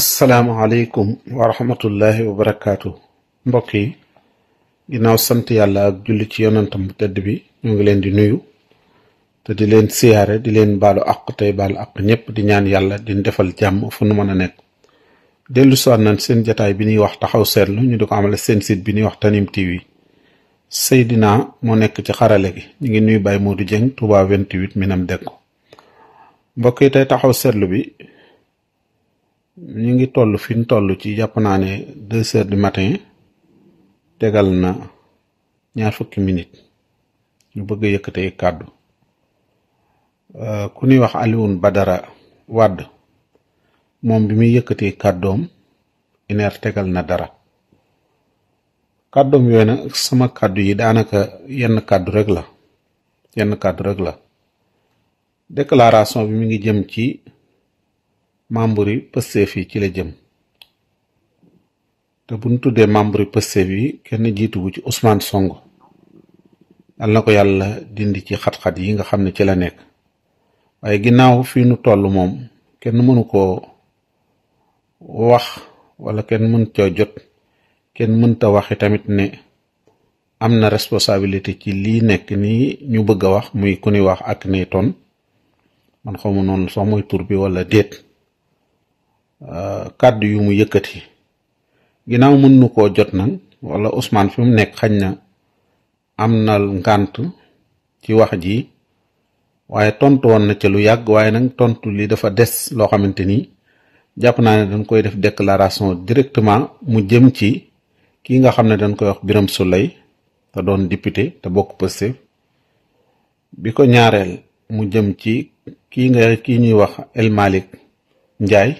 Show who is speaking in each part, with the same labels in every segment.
Speaker 1: asalaamaaleykum wa rahmatullahi wa barakaatu mbokk yi ginnaaw sant yàlla ak julli ci yonantam tëdd bi ñu ngi leen di nuyu te di leen siyaare di leen baalu àq tey baalu àq ñëpp di ñaan yàlla di defal jàmm fu nu mën a nekk. dellu si seen jataay bi ñuy wax taxaw seetlu ñu di ko amale seen site bi ñuy wax yi TV Seydina moo nekk ci xarale gi ñu ngi nuyu Baye moo di Touba 28 Minam Deggo mbokk yi tey taxaw seetlu bi. ñu ngi toll fi ñu toll ci jàpp naa ne deux heures du matin tegal na ñaar fukki minute ñu bëgg a yëkkatee kàddu euh, ku ñuy wax ba dara Wade moom bi muy yëkkatee kàddoom une tegal na dara kàddoom yooyu nag sama kàddu yi daanaka yenn kàddu rek la yenn kàddu rek la déclaration bi mi ngi jëm ci membre yi Pastef yi ci la jëm te bu ñu tuddee membre yi Pastef yi kenn jiitu ci Ousmane Sonko dal na ko yàlla dindi ci xat-xat yi nga xam ne ci la nekk waaye ginnaaw fii nu toll moom kenn mënu koo wax walla kenn mën coo jot kenn mënta waxi tamit ne am na responsabilité ci lii nekk nii ñu bëgg a wax muy ku ni wax ak ni ton man xaw ma noonu soo mooy tur bi wala déet Euh, kàddu yu mu yëkkati ginnaaw mën nu koo jot nag walla Ousmane fi mu nekk xañ na am na ngànt ci wax ji waaye tontu woon na ca lu yàgg waaye nag tontu li dafa des loo xamante ni jàpp naa ne dañ koy def déclaration directement mu jëm ci kii nga xam ne dañ koy wax biram Souleye te doon député te bokk Pastef bi ko ñaareel mu jëm ci kii nga kii ñuy wax El njaay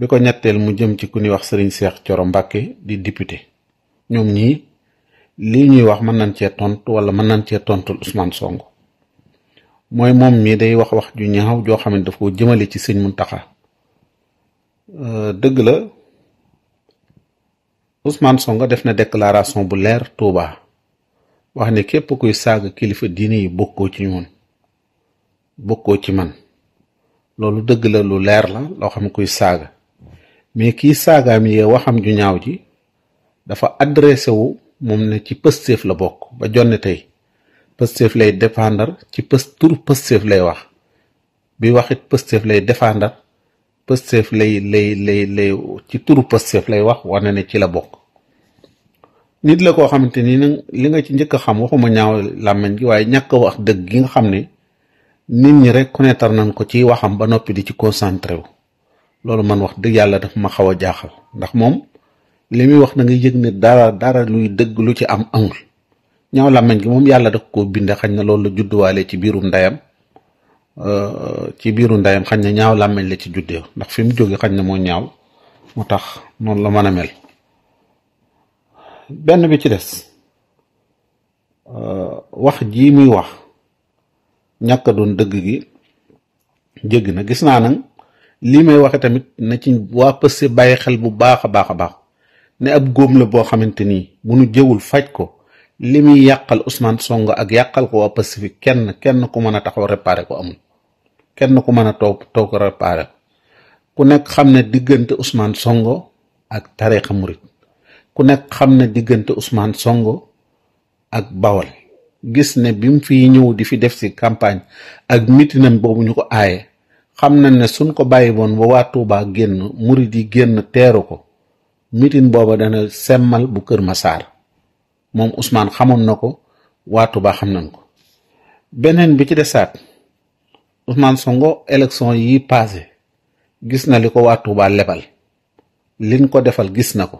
Speaker 1: bi ko ñetteel mu jëm ci ku ñuy wax sëriñ Seex Coro Mbàkke di député ñoom ñii lii ñuy wax mën nañ cee tontu wala mën nañ cee tontul Ousmane Sonko mooy moom mii day wax wax ju ñaxaw joo xam ne daf ko jëmale ci sëñ Muntaxa euh, dëgg la Ousmane songu def na déclaration bu leer Touba wax ne képp kuy saaga kilifa diine yi bokkoo ci ñun bokkoo ci man loolu dëgg la lu leer la loo xam kuy saaga mais kii saagaam yee waxam ju ñaaw ji dafa adressé wu moom ne ci Pastef la bokk ba jonne tey Pastef lay défendre ci pës tur Pastef lay wax bi waxit lay défendre Pastef lay lay ci turu Pastef lay wax wane ne ci la bokk nit la koo xamante ni li nga ci njëkk a xam waxuma ñaaw làmmiñ gi waaye ñàkk wax dëgg gi nga xam ne nit ñi rek connaître nañ ko ci waxam ba noppi di ci concentré wu loolu man wax dëgg yàlla daf ma xaw a jaaxal ndax moom li muy wax na nga yëg ne dara dara luy dëgg lu ci am amul ñaaw làmmiñ gi moom yàlla def koo binde xañ na loolu la judduwaale ci biiru ndeyam euh, ci biiru ndeyam xañ na ñaaw làmmiñ la ci juddee ndax fi mu jóge xañ na moo ñaaw moo tax noonu la mën a mel benn bi ci des euh, wax jii muy wax ñàkk doon dëgg gi jéggi na gis naa nag lii may waxe tamit na ci waa Pastef bàyyi xel bu baax a baax a baax ne ab góom la boo xamante ni bu nu jëwul faj ko li muy yàqal Ousmane songo ak yàqal ko waa Pastef kenn kenn ku mën a taxaw réparé ko amul kenn ku mën a toog toog réparé ku nekk xam ne diggante Ousmane Sonko ak tariixa murit ku nekk xam ne diggante Ousmane Sonko ak Bawol gis ne bi mu fi ñëw di fi def si campagne ak mitinam boobu ñu ko aaye xam nañ ne suñ ko bàyyi woon ba waatu Touba génn murid yi génn teeru ko mitin booba dana semmal bu Kër Masaar moom Ousmane xamoon na ko waatu Touba xam nañ ko beneen bi ci desaat Ousmane songo élection yi paase gis na li ko waatu Touba lebal liñ ko defal gis na ko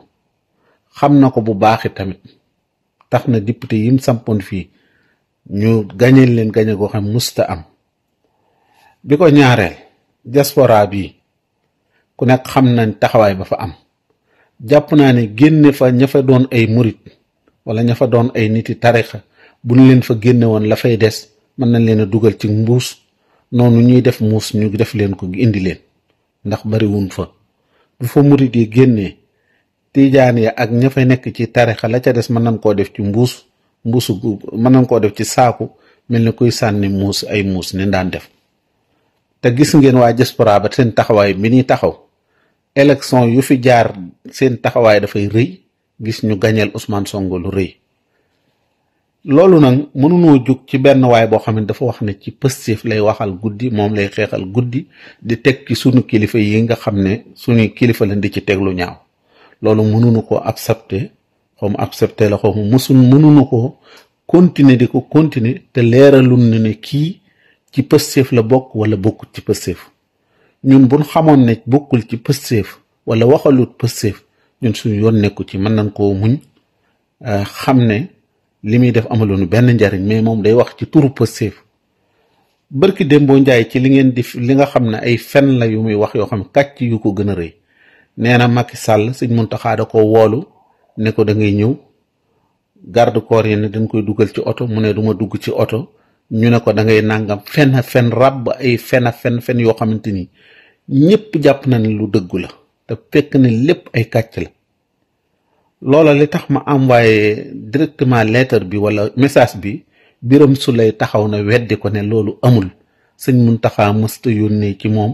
Speaker 1: xam na ko bu baaxi tamit tax na député yim sampoon fii ñu gañeel leen gañe goo xam musta am bi ko ñaareel diaspora bi ku nekk xam nañ taxawaay ba fa am jàpp naa ne génne fa ña fa doon ay murit wala ña fa doon ay niti tarixa bu ñu leen fa génne woon la fay des mën nañ leen a dugal ci mbuus noonu ñuy def muus ñu def leen ko indi leen ndax bariwun fa bu fa murit yi génnee tiijaan ya ak ña fay nekk ci tarixa la ca des mën na koo def ci mbuus mbuusu mën nañ koo def ci saaku mel ni kuy sànni muus ay muus ni daan def te gis ngeen waa diaspora ba seen taxawaay bi ñuy taxaw élection yu fi jaar seen taxawaay dafay rëy gis ñu gañeel Ousmane Sonko lu rëy loolu nag mënunoo jóg ci benn waay boo xam ne dafa wax ne ci Pastef lay waxal guddi moom lay xeexal guddi di teg ci suñu kilifa yi nga xam ne suñuy kilifa lañ di ci teg lu ñaaw loolu mënunu ko accepté xaw ma accepté la xaw mu mësul mënunu ko continuer di ko continuer te leeralu ne kii ci pëstéef la bokk wala bokkul ci pëstéef ñun buñ xamoon ne bokkul ci pëstéef wala waxalut pëstéef ñun suñu yoon nekku ci mën nañ ko muñ euh, xam ne li muy def amaloonu benn njariñ mais moom day wax ci turu pëstéef bërki démboo njaay ci li ngeen di li nga xam ne ay fen la yu muy wax yoo xam ne kàcc yu ko gën a rëy nee na sàll Sall mun Muntaxa da ko woolu ne ko da ngay ñëw garde corps yi ne dañ koy dugal ci oto mu ne du ma dugg ci oto ñu ne ko da ngay nàngam fen fenn fen ràbb ay fen fenn fenn yoo xamante ni ñépp jàpp na ne lu dëggu la te fekk ne lépp ay kàcc la loola li tax ma envoyé directement leetar bi wala message bi biram su lay taxaw na weddi ko ne loolu amul sëñ Muntaxa mësta yónnee ci moom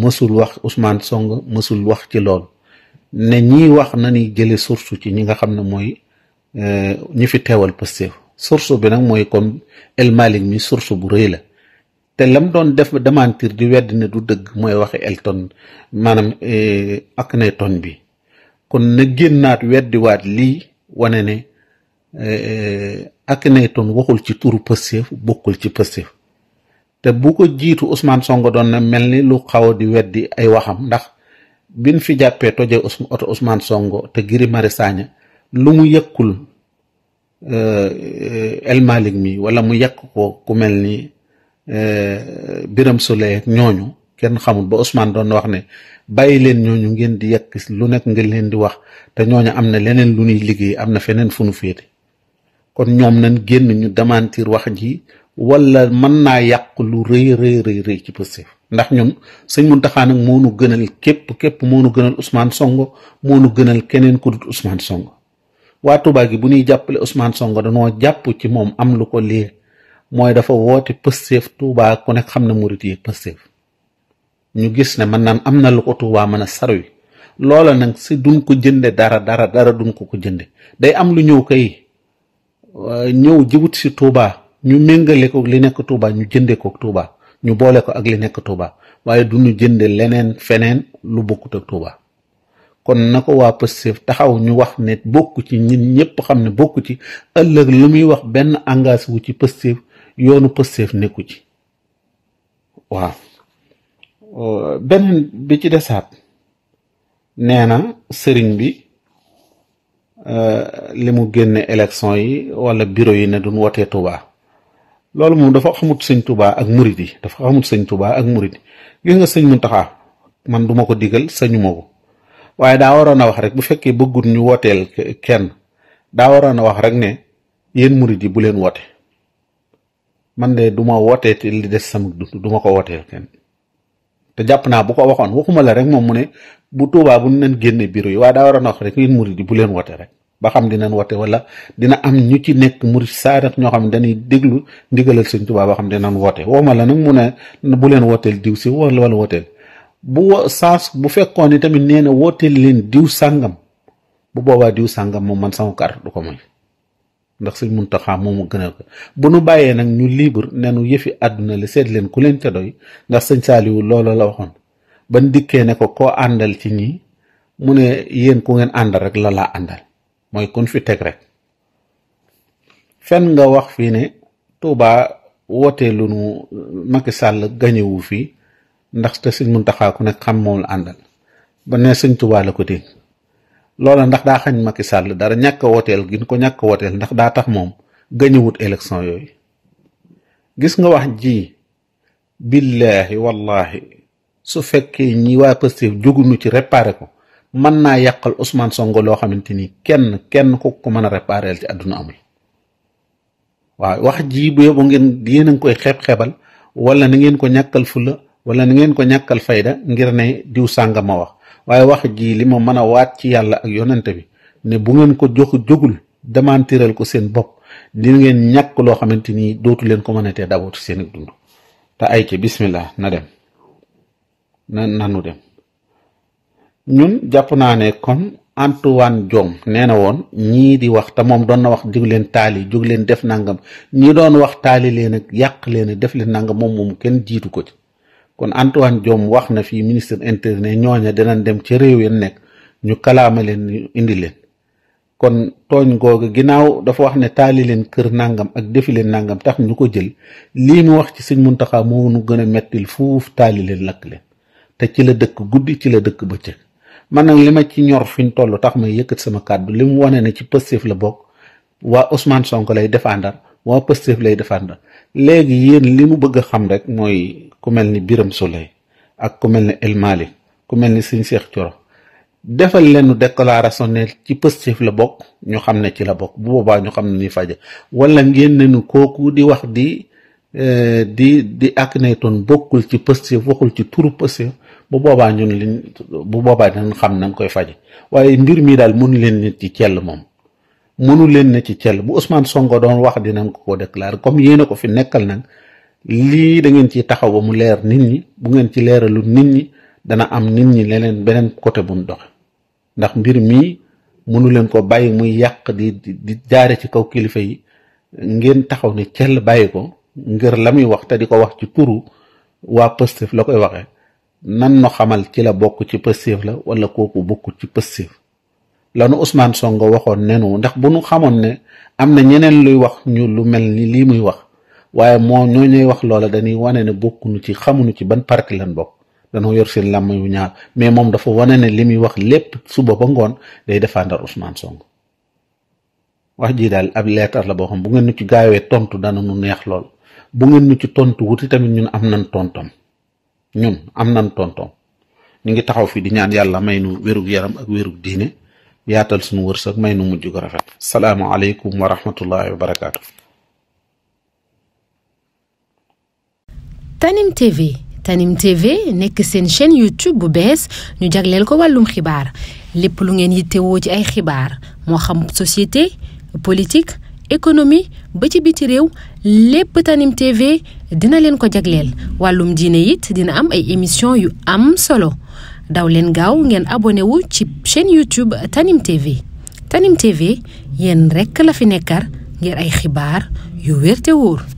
Speaker 1: mësul wax usmaan song mësul wax ci lool ne ñi wax na ni jële source ci ñi nga xam ne mooy euh, ñi fi teewal Pastef source bi nag mooy kon El Malik mi source bu rëy la te lam doon def démentir di wedd ne du dëgg mooy waxe Elton maanaam eh, Akhenaton bi kon na génnaat weddiwaat lii wane ne eh, Akhenaton waxul ci turu Pastef bokkul ci Pastef te bu ko jiitu Ousmane Sonko doon na mel ni lu xaw a di weddi ay waxam ndax bin fi jàppee tojee oto Ousmane Sonko te Guy Marius Sagna lu mu yëkkul Euh, El Malick mi wala mu yàq ko ku mel ni euh, Biram Souleye ak ñooñu kenn xamul ba Ousmane doon wax ne bàyyi leen ñooñu ngeen di yàq lu nekk nga leen di wax te ñooñu am na leneen lu ñuy liggéey am na feneen fu nu féete kon ñoom nañ génn ñu démentir wax ji wala mën naa yàq lu rëy rëy rëy rëy ci Pastef ndax ñun sëñ Mountakha nag moo nu gënal képp képp moo nu gënal Ousmane Sonko moo nu gënal keneen ku dut Ousmane Sonko waa Touba gi bu ñuy jàppale Ousmane songo danoo jàpp ci moom am lu ko lii mooy dafa woote Pastef tuubaa ku nekk xam na murit yi Pastef ñu gis ne man naan am na lu ko Touba mën a saru loola nag si duñ ko jënde dara dara dara duñ ko ko jënde day am lu ñëw kay ñëw jiwut si tuubaa ñu méngale ko li nekk Touba ñu jënde ko Touba ñu boole ko ak li nekk Touba waaye du ñu jënde leneen feneen lu bokkut tuubaa kon na ko waa Pastef taxaw ñu wax ne bokku ci ñun ñëpp xam ne bokku ci ëllëg lu muy wax benn engage wu ci Pastef yoonu Pastef nekku ci waaw beneen bi ci desaat nee na sëriñ bi euh, li mu génne élection yi wala bureau yi ne duñ wotee tubaa loolu moom dafa xamut sëñ tubaa ak murit yi dafa xamut sëñ tubaa ak murit yi gis nga sëñ taxaa man duma ko diggal sañu ko waaye daa waroon a wax rek bu fekkee bëggut ñu wooteel kenn daa waroon a wax rek ne yéen murid yi bu leen woote man de du ma wootee te li des sama dund du ma ko wooteel kenn te jàpp naa bu ko waxoon waxuma la rek moom mu ne bu tuubaa bu nen génne bureau yi waaye daa waroon a wax rek yéen murid yi bu leen woote rek ba xam dinañ woote wala dina am ñu ci nekk murid saadax ñoo xam ne dañuy déglu ndigalal sëñ Tuubaa ba xam dinañ woote waxuma la nag mu ne bu leen wooteel diw si wala wala wooteel bu wo saa bu fekkoon ni tamit nee na wooteel leen diw sàngam bu boobaa diw sàngam moom man sama carte du ko may ndax suñ Muntaxa moomu gënal ko bu nu bàyyee nag ñu libre nenu yëfi àdduna li seet leen ku leen ca doy ndax sëñ Saaliwu loola la waxoon ban dikkee ne ko koo àndal ci nii mu ne yéen ku ngeen àndal rek la laa àndal mooy kun fi teg rek fenn nga wax fii ne Tuubaa wootee lu nu Macky Sall gañewu fii ndax te sëñ Muntaxa taxaaku nekk xam moom la àndal ba ne sëñ Tuubaa la ko dégg loola ndax daa xañ Macky Sall dara ñàkk a wooteel ko ñàkk wooteel ndax daa tax moom gañuwut élection yooyu gis nga wax ji billaahi wallaahi su fekkee ñi waa Pastef jóguñu ci réparé ko mën naa yàqal Ousmane Sonko loo xamante ni kenn kenn ku ko mën a répareel ci àdduna amul waaw wax ji bu yóbbu ngeen yéen koy xeeb-xeebal wala ni ngeen ko ñàkkal fulla wala ni ngeen ko ñàkkal fayda ngir ne diw sànga ma wax waaye wax jii li ma mën a waat ci yàlla ak yonante bi ne bu ngeen ko jox jógul demantiral ko seen bopp di ngeen ñàkk loo xamante ni dootu leen ko mën a tee dabootu seen i dund te ay ci bismillah na dem na nanu dem ñun jàpp naa ne kon Antoine Diome nee na woon ñii di wax te moom doon na wax jóg leen taali jóg leen def nangam ñi doon wax taali leen yàq leen def leen nangam moom moom kenn jiitu ko ci kon Antoine Diome wax na fii ministre intérieur ne ñooña dinañ dem ca réew ya nekk ñu kalaama leen indi leen kon tooñ googu ginnaaw dafa wax ne taali leen kër nangam ak defi leen nangam tax ñu ko jël lii mu wax ci sëñ Muntaxa moo nu gën a mettil fuuf taali leen lakk leen te ci la dëkk guddi ci la dëkk bëccëg man nag li ma ci ñor fi ñu toll tax may yëkkat sama kàddu li mu wane ne ci Pastef la bokk waa Ousmane sonk lay défendre waa Pastef lay défendre léegi yéen li mu bëgg a xam rek mooy ku mel ni Biram Souleye ak ku mel ni El Malick ku mel ni Sëñ Seex Coro defal leen déclaration ne ci Pastef la bokk ñu xam ne ci la bokk boobaa ñu xam ne ni faja wala ngeen ne nu kooku di wax di euh, di di Akhenaton bokkul ci Pastef waxul ci turu Pastef bu boobaa ñun liñ bu boobaa dañ xam nañ koy faje waaye mbir mii daal mënu leen nit ci cell moom mënu leen na ci cell bu Ousmane songo doon wax dinañ ko ko déclaré comme yéen a ko fi nekkal nag lii da ngeen ciy taxaw ba mu leer nit ñi bu ngeen ci leeralu nit ñi dana am nit ñi leneen beneen côté bu mu doxe ndax mbir mii mënu leen ko bàyyi muy yàq di di jaare ci kaw kilifa yi ngeen taxaw ne cell bàyyi ko ngir la muy wax te di ko wax ci turu waa Pastef la koy waxee nan no xamal ci la bokk ci Pastef la wala kooku bokkul ci Pastef lanu Ousmane Sonko waxoon nenu ndax bu nu xamoon ne am na ñeneen luy wax ñu lu mel ni lii muy wax waaye moom ñoo ñuy wax loola dañuy wane ne bokkuñu ci xamuñu ci ban park lan bokk danoo yor seen làmm yu ñaar mais moom dafa wane ne li muy wax lépp suba ba ngoon day défendre Ousmane Sonko wax jii daal ab leetar la boo xam bu ngeen nu ci gaawee tontu dana nu neex lool bu ngeen nu ci tontu wuti tamit ñun am nan tontom ñun am na tontom ñu ngi taxaw fii di ñaan yàlla may wérug yaram ak wérug diine yaatal sunu wërsëg may nu mujj ko rafet salaamualeykum wa rahmatullahi wa
Speaker 2: Tanim TV nekk seen chaîne YouTube bu bees ñu jagleel ko wàllum xibaar lépp lu ngeen yittewoo ci ay xibaar moo xam société politique économie ba ci biti réew lépp Tanim TV dina leen ko jagleel wàllum diine it dina am ay émission yu am solo. daw leen gaaw ngeen abonné wu ci chaîne YouTube Tanim TV Tanim TV yéen rekk la fi nekkar ngir ay xibaar yu wér te wóor